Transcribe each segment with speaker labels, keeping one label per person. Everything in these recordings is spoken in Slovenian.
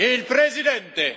Speaker 1: il presidente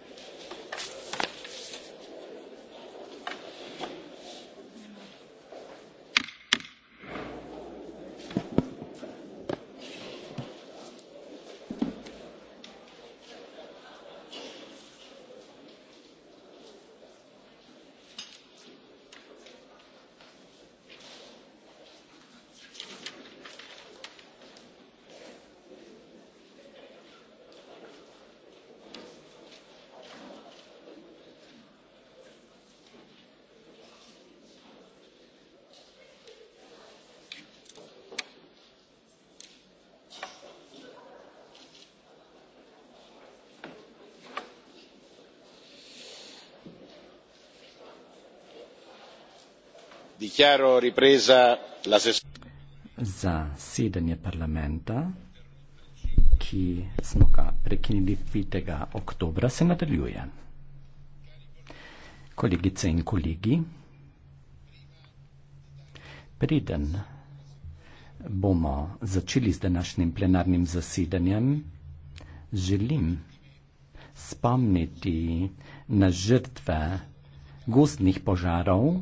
Speaker 2: dichiaro ripresa la sessione
Speaker 3: zasedanje parlamenta ki smo ga prekinili 5. oktobra se nadaljuje kolegice in kolegi preden bomo začeli z današnjim plenarnim zasedanjem želim spomniti na žrtve gozdnih požarov